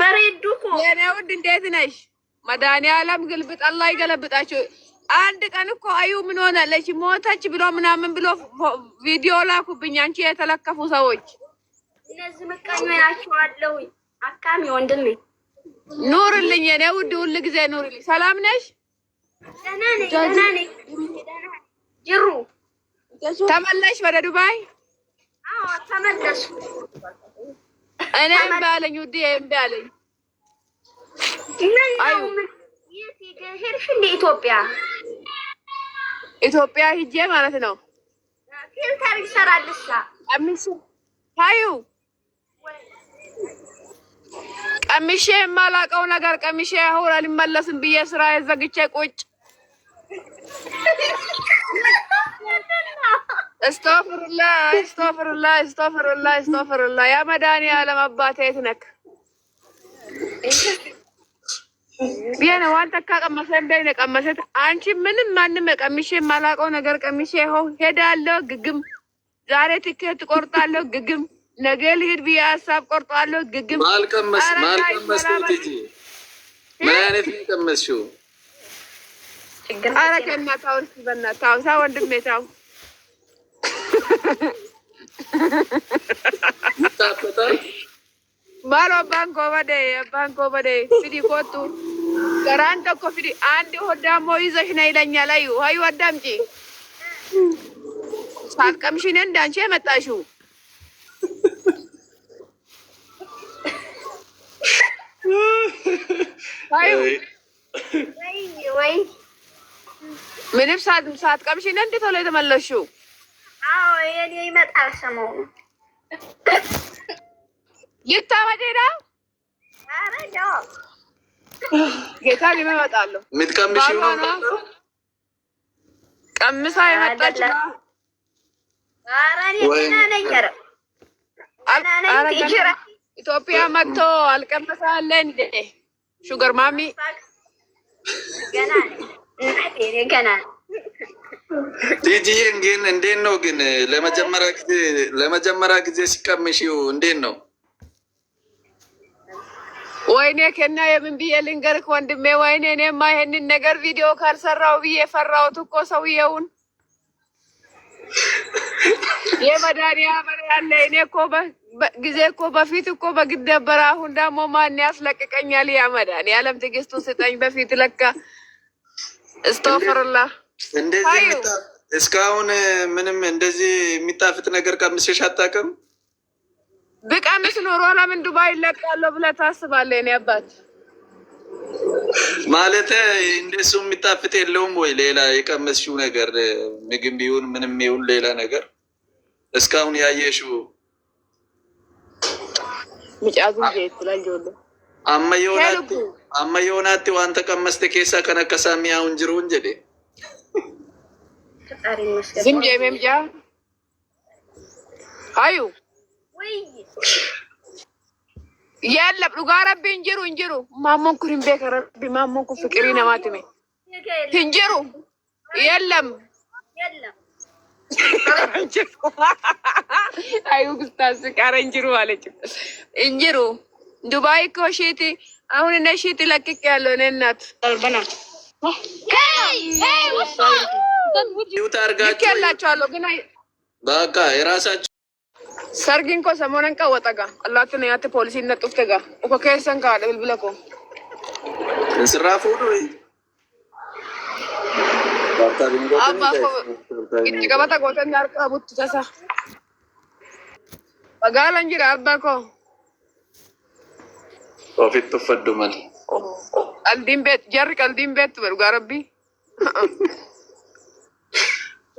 በሬዱ እኮ የኔ ውድ እንዴት ነሽ? መድኃኒዓለም ግልብጥ አላህ ይገለብጣችሁ። አንድ ቀን እኮ አዩ ምን ሆናለች ሞተች ብሎ ምናምን ብሎ ቪዲዮ ላኩብኝ። አንቺ የተለከፉ ሰዎች እነዚህ ምቀኛ ያቸዋለሁ። አካሚ ወንድሜ ኑርልኝ፣ የኔ ውድ ሁል ጊዜ ኑርልኝ። ሰላም ነሽ? ጅሩ ተመለሽ ወደ ዱባይ? አዎ እኔ እምቢ አለኝ ውዴ፣ እምቢ አለኝ። ኢትዮጵያ ኢትዮጵያ ሂጄ ማለት ነው። ፊልተር ይሰራልሻ ቀሚሽ ታዩ ቀሚሼ የማላውቀው ነገር ቀሚሼ አሁን አልመለስም ብዬ ስራ ዘግቼ ቁጭ እስቶፍርላ እስቶፍርላ እስቶፍርላ እስቶፍርላ ያ መድኃኒዓለም አባቴ የት ነክ ቢያነ ዋንተ ካቀመሰ እንዳይ ነቀመሰት አንቺ ምንም ማንም ቀሚሼ የማላውቀው ነገር ቀሚሼ ይኸው ሄዳለሁ። ግግም ዛሬ ትኬት ቆርጣለሁ። ግግም ነገ ልሂድ ብዬ ሀሳብ ቆርጣለሁ። ግግም ማልቀመስ ማልቀመስ ትጂ ምን አይነት ቀመስሽው? ኧረ ከእናትህ አሁን እስኪ በእናትህ ወንድሜ ታው ባሎ አባን ኮበደ አባን ኮበደ ፊዲ ኮቱ ገራን ተኮ ፊዲ አንድ ሆዳሞ ይዘሽ ነ ይለኛል። አዩ አዩ አዳምጪ ሳልቀምሽን እንዳንቺ የመጣሽው ምንም ሳትቀምሽን እንድ ቶሎ የተመለሽው የኔ ይመጣል ሰሞኑን ይታመድ ነው። ጌታ ይመጣለሁ። የምትቀምሽ ቀምሳ የመጣች ኢትዮጵያ መጥቶ አልቀመሳለን። ሹገር ማሚ ገና ገና ጂጂዬን ግን እንዴት ነው ግን ለመጀመሪያ ጊዜ ለመጀመሪያ ጊዜ ሲቀምሽው እንዴት ነው? ወይኔ ከና የምን ብዬ ልንገርክ ወንድሜ፣ ወይኔ እኔማ ይሄንን ነገር ቪዲዮ ካልሰራው ብዬ ፈራሁት እኮ ሰውየውን። የመድኃኒዓለም ያለ እኔ እኮ ጊዜ እኮ በፊት እኮ በግድ ነበር። አሁን ደግሞ ማን ያስለቅቀኛል? ያ መድኃኒዓለም ትዕግስቱን ስጠኝ። በፊት ለካ እስተፈርላ እንደዚህ እስካሁን ምንም እንደዚህ የሚጣፍጥ ነገር ቀምሰሽ አታውቅም? ብቀምስ ኖሮ ለምን ዱባይ ይለቃለሁ ብለህ ታስባለህ? የእኔ አባት ማለት እንደሱ የሚጣፍጥ የለውም ወይ? ሌላ የቀመስሽው ነገር ምግብ ቢሆን ምንም ይሁን ሌላ ነገር እስካሁን ያየሽው ምጫቱ ቤት ላየለ አመየሆናት አመየሆናት ዋንተ ቀመስተ ኬሳ ከነከሳ ሚያውን ጅሩ እንጀዴ ዝም ጀሜምጃ አዩ የለም ዱጋ ረቢ እንጅሩ እንጅሩ ማሞንኩ ኩን ከረቢ ማሞንኩ ፍቅሪ ነማትሜ እንጅሩ የለም አዩ ግስታስ ቃረ እንጅሩ አለች እንጅሩ ዱባይ እኮ ሺቲ አሁን እነ ሺቲ ለቅቄ ያለው እኔ እናት ያላቸዋለሁ ግን በቃ የራሳቸው ሰርጊን ኮ ሰሞነን ቀወጠ ጋ ቀላቱን ያት ፖሊሲ ነጡፍተ ጋ እኮ ከሰን ጋ ብልብለ ኮ እንስራፉ ገበታ ጎተን ያርቃ ቡት ተሳ magaala hin jira abbaa koo. Ofitti uffadhu malee. Qalbiin beektu jarri qalbiin beektu dhugaa rabbii.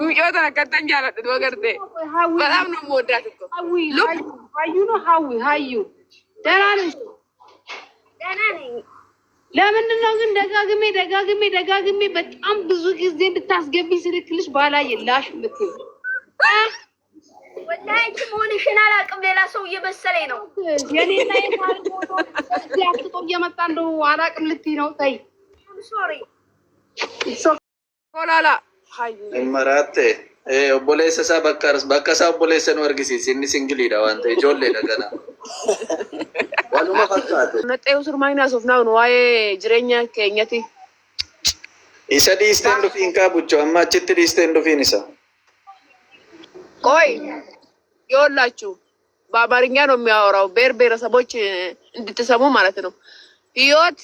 ሚጮት አቀጠኝ ያለጥት ወገርቴ በጣም ነው የምወዳት እኮ ሀዩ ነው ሀዊ ሀዩ ደህና ነሽ? ደህና ነኝ። ለምንድን ነው ግን ደጋግሜ ደጋግሜ ደጋግሜ በጣም ብዙ ጊዜ እንድታስገቢ ስልክልሽ ባላየ ምትል ወላሂ መሆንሽን አላውቅም። ሌላ ሰው እየመሰለኝ ነው የኔና የአፍጥጦ እየመጣ እንደው አላውቅም ልትይ ነው? ተይ ሶሪ ሶላላ Maraate. Obboleessa isaa bakka isaa obboleessa nu argisiisi. Innis ingiliidha waan ta'e ijoolleedha gana. Waluma fakkaate. Maxxee usurmaa hin haasofnaa waa'ee jireenya keenyati. Isa dhiisteen dhufiin kaabucho amma achitti dhiisteen dhufiin isa. ቆይ ይኸውላችሁ በአማርኛ ነው የሚያወራው። ብሔር ብሔረሰቦች እንድትሰሙ ማለት ነው። ህይወት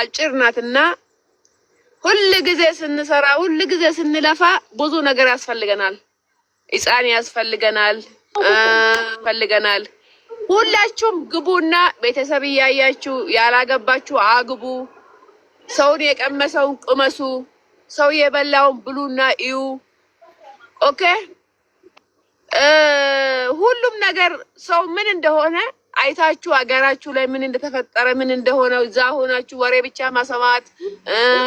አጭር ናትና ሁል ጊዜ ስንሰራ ሁል ጊዜ ስንለፋ ብዙ ነገር ያስፈልገናል። ሕፃን ያስፈልገናል ያስፈልገናል። ሁላችሁም ግቡና ቤተሰብ እያያችሁ ያላገባችሁ አግቡ። ሰውን የቀመሰውን ቅመሱ። ሰው የበላውን ብሉና እዩ። ኦኬ ሁሉም ነገር ሰው ምን እንደሆነ አይታችሁ ሀገራችሁ ላይ ምን እንደተፈጠረ ምን እንደሆነ እዛ ሆናችሁ ወሬ ብቻ ማሰማት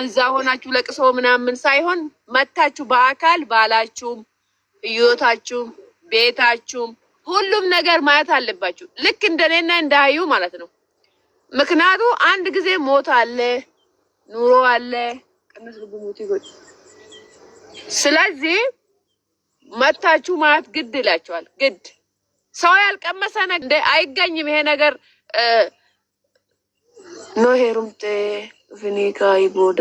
እዛ ሆናችሁ ለቅሶ ምናምን ሳይሆን መታችሁ በአካል ባላችሁም ህይወታችሁም ቤታችሁም ሁሉም ነገር ማየት አለባችሁ። ልክ እንደኔና እንዳዩ ማለት ነው። ምክንያቱ አንድ ጊዜ ሞት አለ፣ ኑሮ አለ። ስለዚህ መታችሁ ማየት ግድ ይላቸዋል ግድ ሰው ያልቀመሰ እንደ አይገኝም። ይሄ ነገር ኖ ሄሩምጤ ቪኒጋ ይቦዳ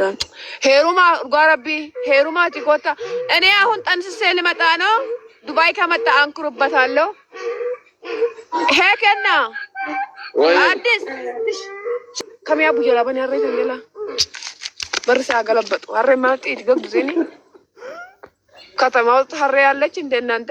ሄሩማ ጓረቢ ሄሩማ ቲኮታ እኔ አሁን ጠንስሴ ልመጣ ነው። ዱባይ ከመጣ አንክሩበታለሁ። ሄከና አዲስ ከሚያ ቡጀላ በኔ አረይተ ሌላ በርስ ያገለበጡ ሀሬ ማለት ኢትገብ ጊዜ ከተማ ውስጥ ሀሬ ያለች እንደናንተ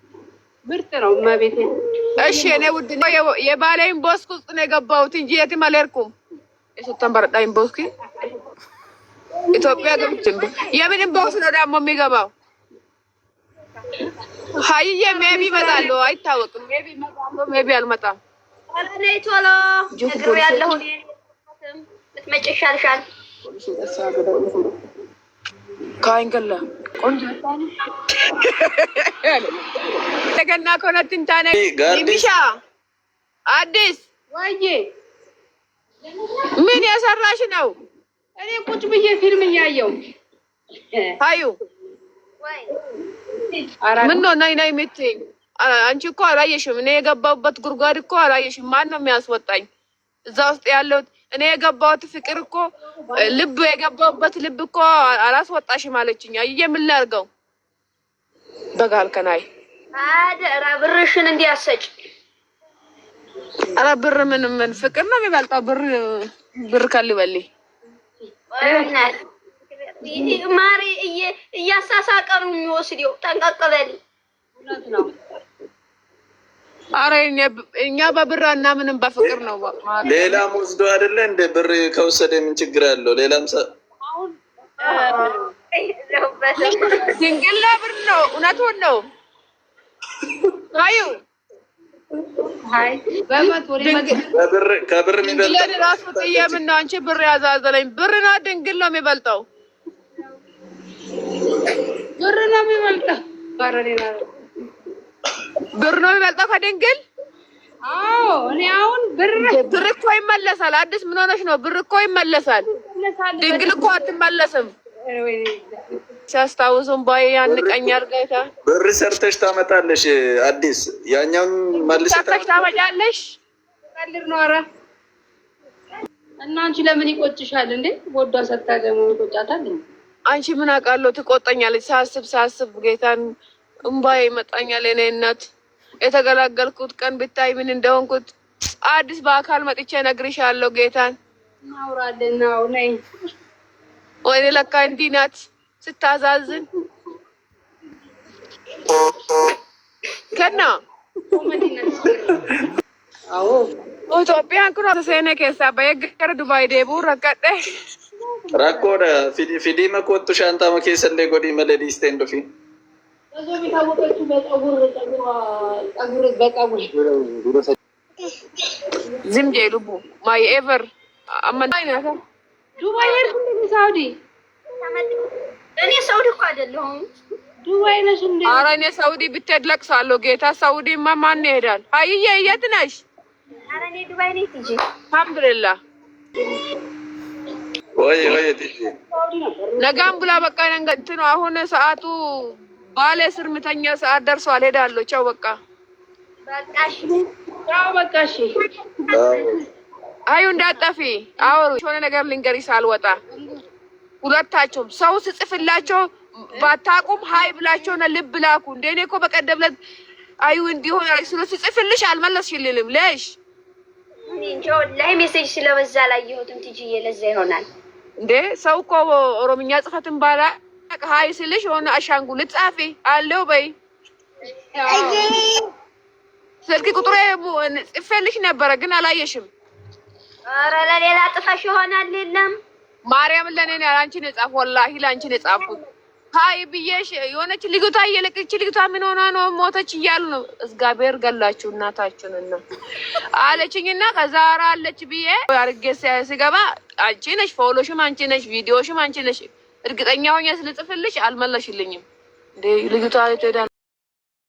ምርጥ ነው እማቤቴ። እሺ እኔ ውድ የባሌን ቦስክ ውስጥ ነው የገባሁት እንጂ የትም አልሄድኩም። የሰጠን በረጣይን ቦስክ ኢትዮጵያ ገብች የምንም ቦክስ ነው ደግሞ የሚገባው። ሀይዬ ሜቢ ይመጣሉ አይታወቅም። ሜቢ ይመጣሉ፣ ሜቢ አልመጣም። ቶሎ ነግሬው ያለሁት ልትመጪ ይሻልሻል። እንደገና ከሆነትን ታነ አዲስ ወይ ምን የሰራሽ ነው? እኔ ቁጭ ብዬ ፊልም እያየው አዩ ምን ነው ናይ የምትይኝ? አንቺ እኮ አላየሽም። እኔ የገባሁበት ጉድጓድ እኮ አላየሽም። ማን ነው የሚያስወጣኝ እዛ ውስጥ እኔ የገባሁት ፍቅር እኮ ልብ የገባሁበት ልብ እኮ አላስወጣሽም አለችኝ። አየህ የምናርገው በጋልከናይ አደራ ብርሽን እንዲያሰጭ ኧረ ብር ምን ምን ፍቅር ነው የሚበልጠው? ብር ብር ከልበል ማሪ እያሳሳቀ ነው የሚወስደው። ጠንቀቅ በል አረ እኛ በብር እና ምንም በፍቅር ነው። ሌላም ወስዶ አይደለ እንደ ብር ከወሰደ ምን ችግር አለው? ሌላም ድንግል ብር ነው። እውነቱን ነው። አዩ ድንግልን ራሱ ጥዬ ምነው አንቺ ብር ያዛዘለኝ። ብርና ድንግል ነው የሚበልጠው። ብር ነው የሚበልጠው ብር ነው የሚበልጠው ከድንግል? አዎ እኔ አሁን ብር ብር እኮ ይመለሳል። አዲስ ምን ሆነሽ ነው? ብር እኮ ይመለሳል። ድንግል እኮ አትመለስም። ሲያስታውሱም ባይ ያንቀኛል ጌታ። ብር ሰርተሽ ታመጣለሽ። አዲስ ያኛውን መልስ ሰርተሽ ታመጫለሽ። ቀልድ ነው። ኧረ እና አንቺ ለምን ይቆጭሻል እንዴ? ወዷ ሰታ ደግሞ ይቆጫታል። አንቺ ምን አውቃለሁ፣ ትቆጠኛለች። ሳስብ ሳስብ ጌታን እምባ ይመጣኛል። እኔ እናት የተገላገልኩት ቀን ብታይ ምን እንደሆንኩት አዲስ በአካል መጥቼ ነግርሻለሁ። ጌታን ናውራደናው ወይ ለካ እንዲህ ናት ስታዛዝን ከና አዎ ኢትዮጵያ ክሮ ተሰነ ከሳ ዱባይ ደቡ ረቀጠ ረቆረ ፊዲ ፊዲ መቆጡ ሻንታ መከሰ እንደ ዝም ጄ ልቡ ማይ ኤቨር አመናይናታ ዱባይ ሄድኩ እንደ ሳውዲ እኔ ሳውዲ እኮ አይደለሁም። ዱባይ ነሽ እንዴ? ኧረ እኔ ሳውዲ ብትሄድ ለቅሳለሁ። ጌታ ሳውዲማ ማን ይሄዳል? ሀይዬ የት ነሽ? ኧረ እኔ ዱባይ ነኝ። ትጂ አልሐምዱሊላህ። ወይ ወይ ትጂ ነጋም ብላ በቃ እንትን አሁን ሰዓቱ ባለ ስርምተኛ ሰዓት ደርሷል። ሄዳለሁ። ቻው በቃ በቃ እሺ። አዩ እንዳጠፊ አወሩ የሆነ ነገር ልንገሪሽ ሳልወጣ ሁለታቸውም ሰው ስጽፍላቸው ባታቁም ሀይ ብላቸውና ልብ ላኩ። እንደኔ እኮ በቀደም ዕለት አዩ እንዲሆን ስለ ስጽፍልሽ አልመለስሽልንም ለሽ ላይ ሜሴጅ ስለበዛ ላይ የሆትም ትጂ የለዛ ይሆናል እንዴ ሰው እኮ ኦሮምኛ ጽፈትን ባላ በቃ ሀይ ስልሽ የሆነ አሻንጉሊት ጻፊ አለው በይ። ስልክ ቁጥሩ ጽፈልሽ ነበረ ግን አላየሽም። ኧረ ለሌላ ጥፈሽ ይሆናል። የለም ማርያም ለኔ አንቺ ነጻፍ ወላሂ ለአንቺ ነጻፍኩት። ሀይ ብዬሽ የሆነች ልጅቷ እየለቀች ልጅቷ ምን ሆና ነው ሞተች እያሉ ነው። እግዚአብሔር ገላችሁ እናታችሁንና አለችኝና ከዛ አለች ብዬ አርጌ ስገባ አንቺ ነሽ፣ ፎሎሽም አንቺ ነሽ፣ ቪዲዮሽም አንቺ ነሽ እርግጠኛ ሆኜ ስልጽፍልሽ አልመለሽልኝም። ልጅቷ ሄዳ